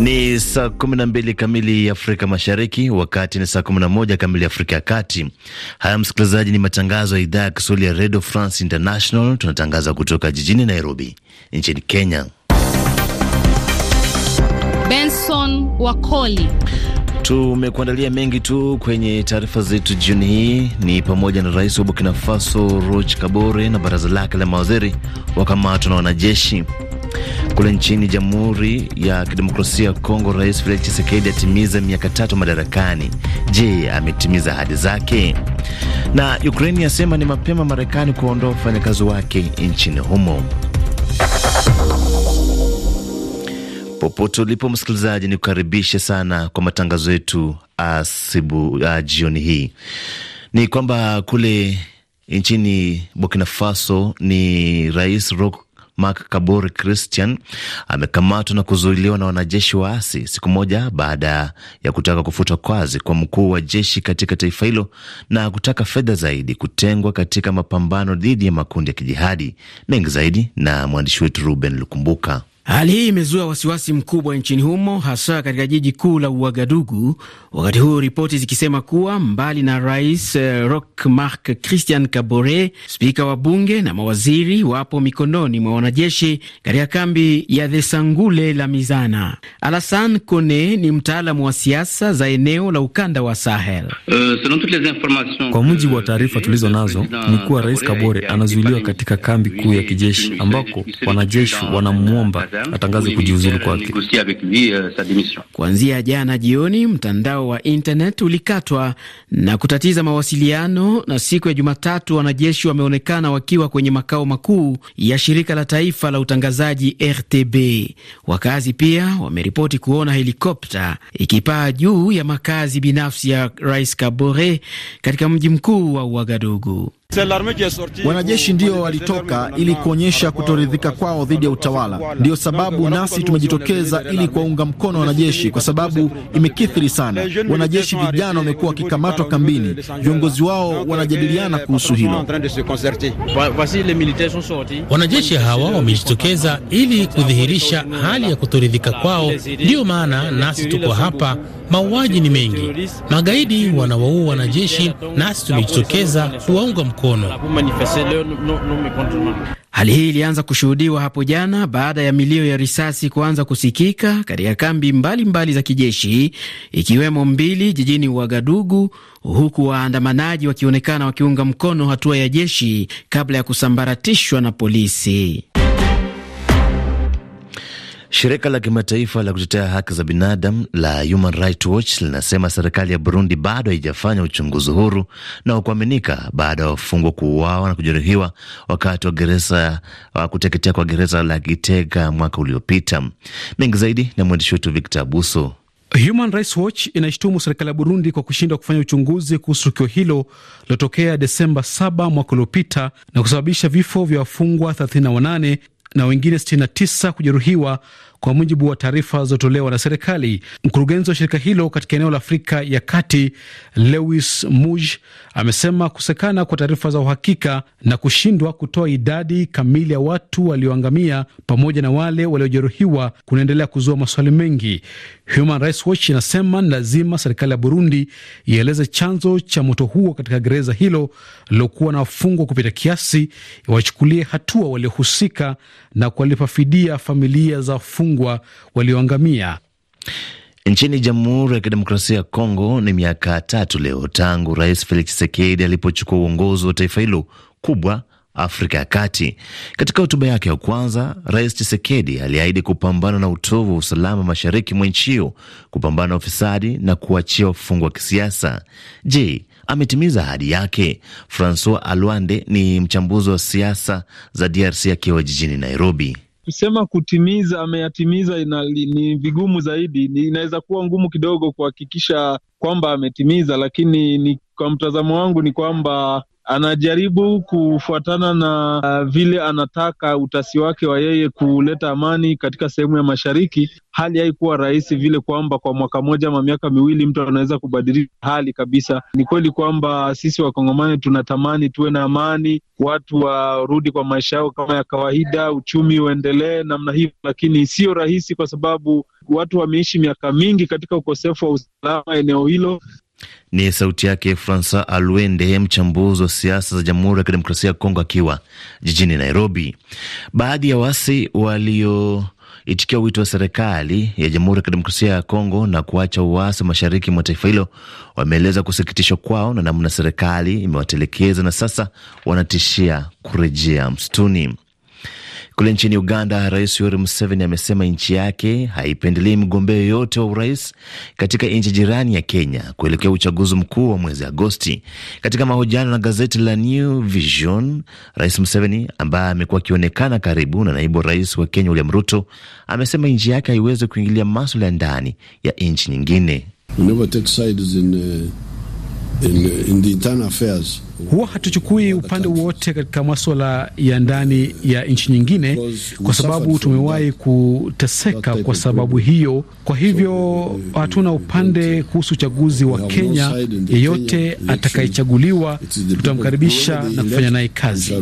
Ni saa 12 kamili ya Afrika Mashariki, wakati ni saa 11 kamili ya Afrika ya Kati. Haya msikilizaji, ni matangazo ya idhaa ya Kiswahili ya Radio France International. Tunatangaza kutoka jijini Nairobi nchini Kenya. Benson Wakoli tumekuandalia mengi tu kwenye taarifa zetu jioni hii, ni pamoja na rais wa Burkina Faso Roch Kabore na baraza lake la mawaziri wakamatwa na wanajeshi kule nchini Jamhuri ya Kidemokrasia ya Kongo, Rais Felix Tshisekedi atimiza miaka tatu madarakani. Je, ametimiza ahadi zake? Na Ukraini yasema ni mapema Marekani kuondoa wafanyakazi wake nchini humo. Popote ulipo msikilizaji, ni kukaribishe sana kwa matangazo yetu asibu a jioni hii. Ni kwamba kule nchini Burkina Faso ni Rais Roch Mark Kaburi Christian amekamatwa na kuzuiliwa na wanajeshi waasi siku moja baada ya kutaka kufuta kazi kwa mkuu wa jeshi katika taifa hilo na kutaka fedha zaidi kutengwa katika mapambano dhidi ya makundi ya kijihadi. Mengi zaidi na mwandishi wetu Ruben Lukumbuka. Hali hii imezua wasiwasi mkubwa nchini humo, hasa katika jiji kuu la Uagadugu, wakati huu ripoti zikisema kuwa mbali na rais rok eh, Roch Marc Christian Kabore, spika wa bunge na mawaziri wapo mikononi mwa wanajeshi katika kambi ya The Sangule la Mizana. alasan Kone ni mtaalamu wa siasa za eneo la ukanda wa Sahel. Euh, Kwa mujibu wa taarifa tulizo nazo ni kuwa rais Kabore anazuiliwa katika kambi kuu ya kijeshi ambako wanajeshi wanamwomba atangaze kujiuzulu kwake. Eh, Kuanzia jana jioni, mtandao wa internet ulikatwa na kutatiza mawasiliano, na siku ya Jumatatu wanajeshi wameonekana wakiwa kwenye makao makuu ya shirika la taifa la utangazaji RTB. Wakazi pia wameripoti kuona helikopta ikipaa juu ya makazi binafsi ya Rais Kabore katika mji mkuu wa Uagadugu. Wanajeshi ndio walitoka ili kuonyesha kutoridhika kwao dhidi ya utawala. Ndiyo sababu nasi tumejitokeza ili kuwaunga mkono wanajeshi, kwa sababu imekithiri sana. Wanajeshi vijana wamekuwa wakikamatwa kambini, viongozi wao wanajadiliana kuhusu hilo. Wanajeshi hawa wamejitokeza ili kudhihirisha hali ya kutoridhika kwao, ndiyo maana nasi tuko hapa. Mauaji ni mengi, magaidi wanawaua wanajeshi, nasi tumejitokeza kuwaunga mkono mkono. Hali hii ilianza kushuhudiwa hapo jana baada ya milio ya risasi kuanza kusikika katika kambi mbalimbali mbali za kijeshi ikiwemo mbili jijini Wagadugu, huku waandamanaji wakionekana wakiunga mkono hatua ya jeshi kabla ya kusambaratishwa na polisi. Shirika la kimataifa la kutetea haki za binadamu la Human Rights Watch linasema serikali ya Burundi bado haijafanya uchunguzi huru na wa kuaminika baada ya wafungwa kuuawa na kujeruhiwa wakati wa gereza wa kuteketea kwa gereza la Gitega mwaka uliopita. Mengi zaidi na mwandishi wetu Victor Abuso. Human Rights Watch serikali ya Burundi kwa kushindwa kufanya uchunguzi kuhusu tukio hilo lilotokea Desemba 7 mwaka uliopita na kusababisha vifo vya wafungwa 38 na wengine 69 kujeruhiwa kwa mujibu wa taarifa zilizotolewa na serikali. Mkurugenzi wa shirika hilo katika eneo la Afrika ya Kati, Lewis Muj, amesema kusekana kwa taarifa za uhakika na kushindwa kutoa idadi kamili ya watu walioangamia pamoja na wale waliojeruhiwa kunaendelea kuzua maswali mengi. Human Rights Watch inasema ni lazima serikali ya Burundi ieleze chanzo cha moto huo katika gereza hilo lilokuwa na wafungwa kupita kiasi, iwachukulie hatua waliohusika na kuwalipa fidia familia za wafungwa wafungwa walioangamia. Nchini Jamhuri ya Kidemokrasia ya Kongo ni miaka tatu leo tangu Rais Felix Tshisekedi alipochukua uongozi wa taifa hilo kubwa Afrika ya Kati. Katika hotuba yake ya kwanza, Rais Tshisekedi aliahidi kupambana na utovu wa usalama mashariki mwa nchi hiyo, kupambana na ufisadi na kuachia wafungwa wa kisiasa. Je, ametimiza ahadi yake? Francois Alwande ni mchambuzi wa siasa za DRC akiwa jijini Nairobi kusema kutimiza ameyatimiza ina, ni vigumu zaidi, inaweza kuwa ngumu kidogo kuhakikisha kwamba ametimiza, lakini ni, kwa mtazamo wangu ni kwamba anajaribu kufuatana na uh, vile anataka utasi wake wa yeye kuleta amani katika sehemu ya mashariki. Hali haikuwa rahisi vile kwamba kwa mwaka moja ama miaka miwili mtu anaweza kubadilisha hali kabisa. Ni kweli kwamba sisi wakongomani tunatamani tuwe na amani, watu warudi kwa maisha yao kama ya kawaida, uchumi uendelee namna hivyo, lakini sio rahisi kwa sababu watu wameishi miaka mingi katika ukosefu wa usalama eneo hilo, ni sauti yake Francois Alwende, mchambuzi wa siasa za Jamhuri ya Kidemokrasia ya Kongo, akiwa jijini Nairobi. Baadhi ya waasi walio itikia wito wa serikali ya Jamhuri ya Kidemokrasia ya Kongo na kuacha uasi mashariki mwa taifa hilo wameeleza kusikitishwa kwao na namna serikali imewatelekeza na sasa wanatishia kurejea msituni. Kule nchini Uganda, Rais Yoweri Museveni amesema nchi yake haipendelei mgombea yoyote wa urais katika nchi jirani ya Kenya kuelekea uchaguzi mkuu wa mwezi Agosti. Katika mahojiano na gazeti la New Vision, Rais Museveni ambaye amekuwa akionekana karibu na naibu rais wa Kenya William Ruto amesema nchi yake haiwezi kuingilia maswala ya ndani ya nchi nyingine. We never take sides in, uh in, in the internal affairs huwa hatuchukui upande wote katika maswala ya ndani ya nchi nyingine, kwa sababu tumewahi kuteseka kwa sababu hiyo. Kwa hivyo uh, hatuna upande kuhusu uchaguzi wa Kenya. Yeyote atakayechaguliwa tutamkaribisha na kufanya naye kazi.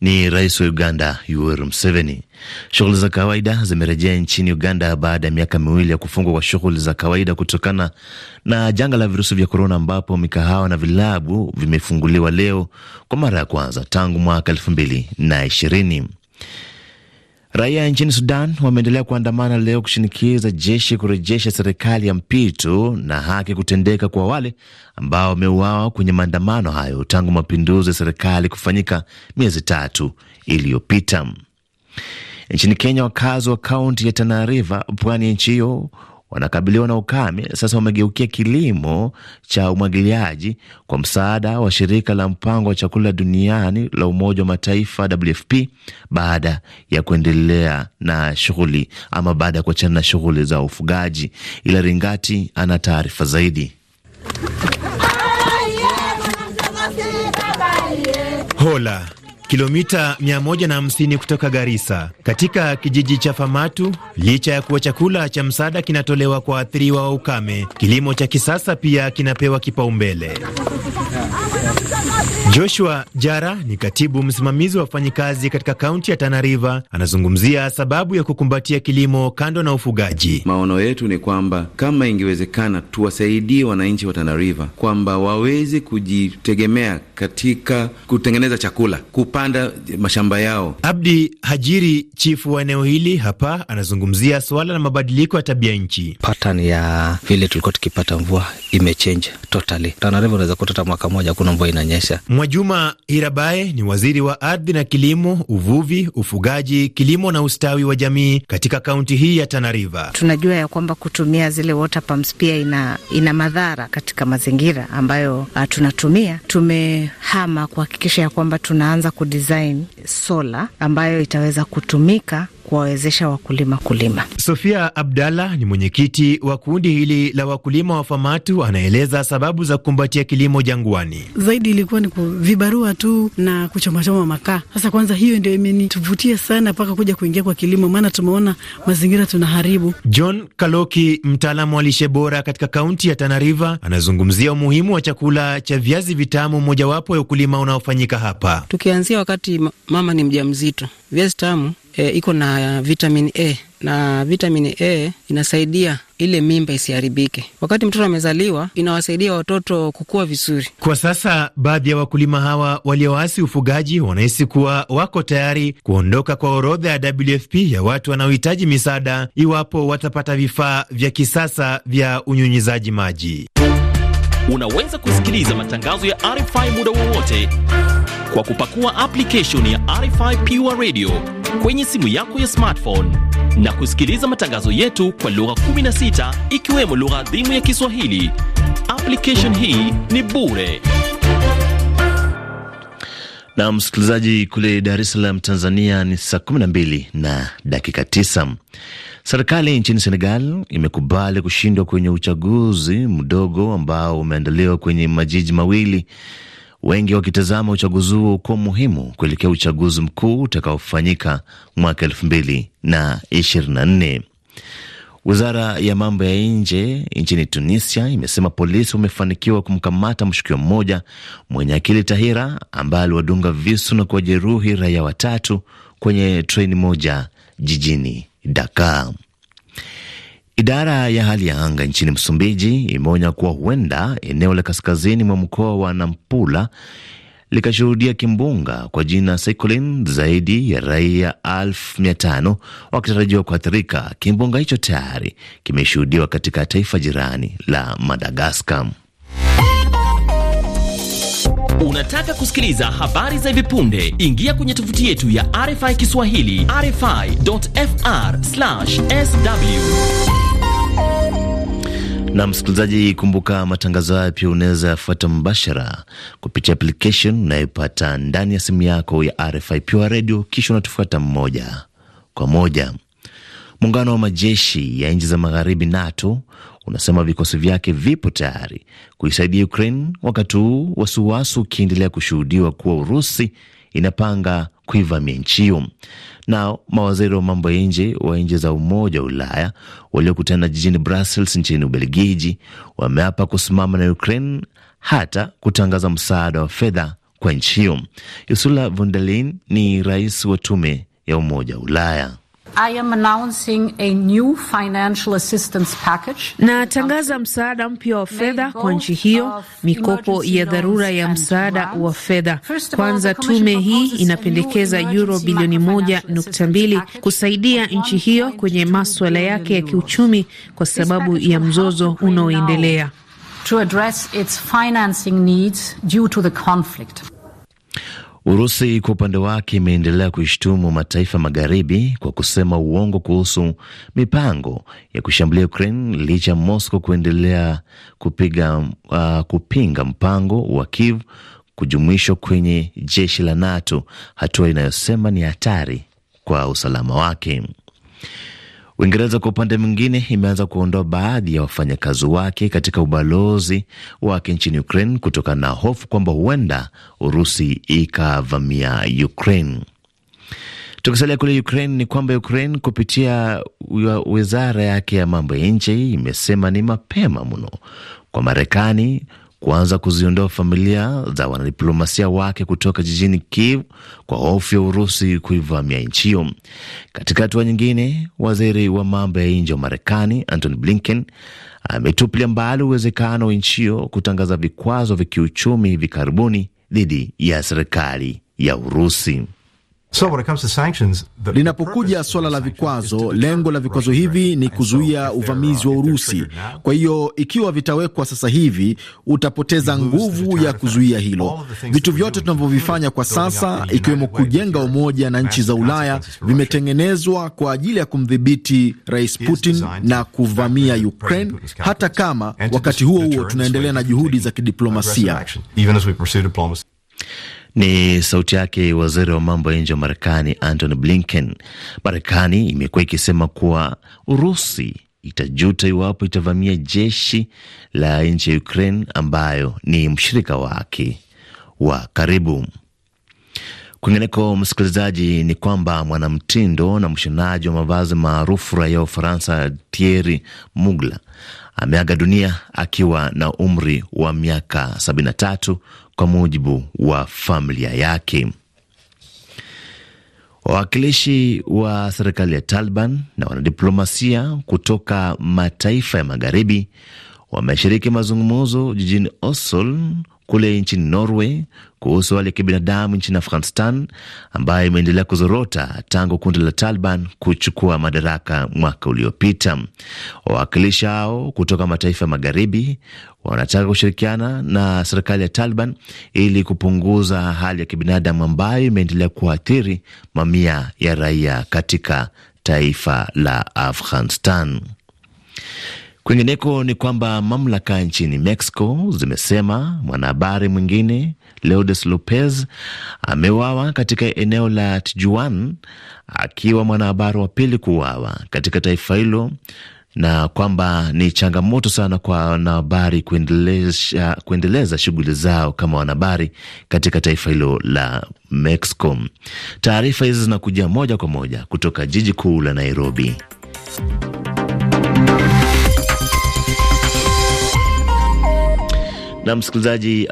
Ni rais wa Uganda Yoweri Museveni. Shughuli za kawaida zimerejea nchini Uganda baada ya miaka miwili ya kufungwa kwa shughuli za kawaida kutokana na janga la virusi vya korona, ambapo mikahawa na vilabu vimefunguliwa leo kwa mara ya kwanza tangu mwaka elfu mbili na ishirini. Raia nchini Sudan wameendelea kuandamana leo kushinikiza jeshi kurejesha serikali ya mpito na haki kutendeka kwa wale ambao wameuawa kwenye maandamano hayo tangu mapinduzi ya serikali kufanyika miezi tatu iliyopita. Nchini Kenya, wakazi wa kaunti ya Tana River, pwani ya nchi hiyo, wanakabiliwa na ukame. Sasa wamegeukia kilimo cha umwagiliaji kwa msaada wa shirika la mpango wa chakula duniani la Umoja wa Mataifa WFP, baada ya kuendelea na shughuli ama baada ya kuachana na shughuli za ufugaji. Ila Ringati ana taarifa zaidi. Hola kilomita 150 kutoka Garissa, katika kijiji cha Famatu. Licha ya kuwa chakula cha msaada kinatolewa kwa waathiriwa wa ukame, kilimo cha kisasa pia kinapewa kipaumbele. Joshua Jara ni katibu msimamizi wa wafanyikazi katika kaunti ya Tana River. Anazungumzia sababu ya kukumbatia kilimo kando na ufugaji. Maono yetu ni kwamba kama ingewezekana, tuwasaidie wananchi wa Tana River kwamba waweze kujitegemea katika kutengeneza chakula, kupanda mashamba yao. Abdi Hajiri, chifu wa eneo hili hapa, anazungumzia suala la mabadiliko ya tabia nchi. Pattern ya vile tulikuwa tukipata mvua imechange totally. Tana River unaweza kutata mwaka moja hakuna mvua inanyesha maisha. Mwajuma Hirabae ni waziri wa ardhi na kilimo, uvuvi, ufugaji, kilimo na ustawi wa jamii katika kaunti hii ya Tana River. Tunajua ya kwamba kutumia zile water pumps pia ina, ina madhara katika mazingira ambayo uh, tunatumia. Tumehama kuhakikisha ya kwamba tunaanza kudesign sola ambayo itaweza kutumika kuwawezesha wakulima kulima. Sofia Abdalla ni mwenyekiti wa kundi hili la wakulima wa Famatu, anaeleza sababu za kukumbatia kilimo jangwani. Zaidi ilikuwa ni vibarua tu na kuchomachoma makaa. Sasa kwanza, hiyo ndio imenituvutia sana mpaka kuja kuingia kwa kilimo, maana tumeona mazingira tunaharibu. John Kaloki, mtaalamu wa lishe bora katika kaunti ya Tana anazungumzia umuhimu wa chakula cha viazi vitamu, mojawapo ya ukulima unaofanyika hapa. Tukianzia wakati mama ni mjamzito, viazi tamu e, iko na vitamin A na vitamin A inasaidia ile mimba isiharibike wakati mtoto amezaliwa, inawasaidia watoto kukua vizuri. Kwa sasa, baadhi ya wakulima hawa walioasi ufugaji wanahisi kuwa wako tayari kuondoka kwa orodha ya WFP ya watu wanaohitaji misaada iwapo watapata vifaa vya kisasa vya unyunyizaji maji. Unaweza kusikiliza matangazo ya RFI muda wowote kwa kupakua application ya RFI Pure Radio kwenye simu yako ya smartphone na kusikiliza matangazo yetu kwa lugha 16 ikiwemo lugha adhimu ya Kiswahili. Application hii ni bure. Na msikilizaji kule Dar es Salaam, Tanzania ni saa 12 na dakika 9. Serikali nchini Senegal imekubali kushindwa kwenye uchaguzi mdogo ambao umeandaliwa kwenye majiji mawili, wengi wakitazama uchaguzi huo kuwa muhimu kuelekea uchaguzi mkuu utakaofanyika mwaka elfu mbili na ishirini na nne. Wizara ya mambo ya nje nchini Tunisia imesema polisi wamefanikiwa kumkamata mshukiwa mmoja mwenye akili tahira ambaye aliwadunga visu na kuwajeruhi raia watatu kwenye treni moja jijini Dakar. Idara ya hali ya anga nchini Msumbiji imeonya kuwa huenda eneo la kaskazini mwa mkoa wa Nampula likashuhudia kimbunga kwa jina Cyclone, zaidi ya raia elfu mia tano wakitarajiwa kuathirika. Kimbunga hicho tayari kimeshuhudiwa katika taifa jirani la Madagaskar. Unataka kusikiliza habari za hivi punde? Ingia kwenye tovuti yetu ya RFI Kiswahili, rfi.fr/sw. Na msikilizaji, kumbuka matangazo haya pia unaweza yafuata mbashara kupitia application unayopata ndani ya simu yako ya RFI Pure Radio, kisha unatufuata mmoja kwa moja. Muungano wa majeshi ya nchi za magharibi NATO unasema vikosi vyake vipo tayari kuisaidia Ukraine, wakati huu wasiwasi ukiendelea kushuhudiwa kuwa Urusi inapanga kuivamia nchi hiyo. Na mawaziri wa mambo ya nje wa nchi za Umoja wa Ulaya waliokutana jijini Brussels nchini Ubelgiji wameapa kusimama na Ukraine hata kutangaza msaada wa fedha kwa nchi hiyo. Ursula von der Leyen ni rais wa tume ya Umoja wa Ulaya. I am announcing a new financial assistance package. Natangaza msaada mpya wa fedha kwa nchi hiyo, mikopo ya dharura ya msaada wa fedha. Kwanza, tume hii inapendekeza euro bilioni moja nukta mbili kusaidia nchi hiyo kwenye maswala yake ya kiuchumi kwa sababu ya mzozo unaoendelea. Urusi kwa upande wake imeendelea kuishtumu mataifa magharibi kwa kusema uongo kuhusu mipango ya kushambulia Ukraine licha ya Moscow kuendelea kupiga, uh, kupinga mpango wa Kiev kujumuishwa kwenye jeshi la NATO, hatua inayosema ni hatari kwa usalama wake. Uingereza kwa upande mwingine imeanza kuondoa baadhi ya wafanyakazi wake katika ubalozi wake nchini Ukraine kutokana na hofu kwamba huenda Urusi ikavamia Ukraine. Tukisalia kule Ukraine ni kwamba Ukraine kupitia wizara yake ya mambo ya nje imesema ni mapema mno kwa Marekani kuanza kuziondoa familia za wanadiplomasia wake kutoka jijini Kiev kwa hofu ya Urusi kuivamia nchi hiyo. Katika hatua nyingine, waziri wa mambo ya nje wa Marekani Antony Blinken ametupilia mbali uwezekano wa nchi hiyo kutangaza vikwazo vya kiuchumi hivi karibuni dhidi ya serikali ya Urusi. So linapokuja swala la vikwazo, lengo la vikwazo hivi ni kuzuia uvamizi wa Urusi. Kwa hiyo ikiwa vitawekwa sasa hivi, utapoteza nguvu ya kuzuia hilo. Vitu vyote tunavyovifanya kwa sasa, ikiwemo kujenga umoja na nchi za Ulaya, vimetengenezwa kwa ajili ya kumdhibiti Rais Putin na kuvamia Ukraine, hata kama wakati huo huo tunaendelea na juhudi za kidiplomasia. Ni sauti yake waziri wa mambo ya nje wa Marekani, Antony Blinken. Marekani imekuwa ikisema kuwa Urusi itajuta iwapo itavamia jeshi la nchi ya Ukraine ambayo ni mshirika wake wa karibu. Kwingineko msikilizaji, ni kwamba mwanamtindo na mshonaji wa mavazi maarufu raia wa Ufaransa Thierry Mugler ameaga dunia akiwa na umri wa miaka 73 kwa mujibu wa familia yake. Wawakilishi wa serikali ya Taliban na wanadiplomasia kutoka mataifa ya magharibi wameshiriki mazungumzo jijini Oslo kule nchini Norway kuhusu hali ya kibinadamu nchini Afghanistan ambayo imeendelea kuzorota tangu kundi la Taliban kuchukua madaraka mwaka uliopita. Wawakilishi hao kutoka mataifa ya magharibi wanataka kushirikiana na serikali ya Taliban ili kupunguza hali ya kibinadamu ambayo imeendelea kuathiri mamia ya raia katika taifa la Afghanistan. Kwingineko ni kwamba mamlaka nchini Mexico zimesema mwanahabari mwingine Leodes Lopez ameuawa katika eneo la Tijuan, akiwa mwanahabari wa pili kuuawa katika taifa hilo na kwamba ni changamoto sana kwa wanahabari kuendeleza, kuendeleza shughuli zao kama wanahabari katika taifa hilo la Mexico. Taarifa hizi zinakuja moja kwa moja kutoka jiji kuu la Nairobi. Na msikilizaji,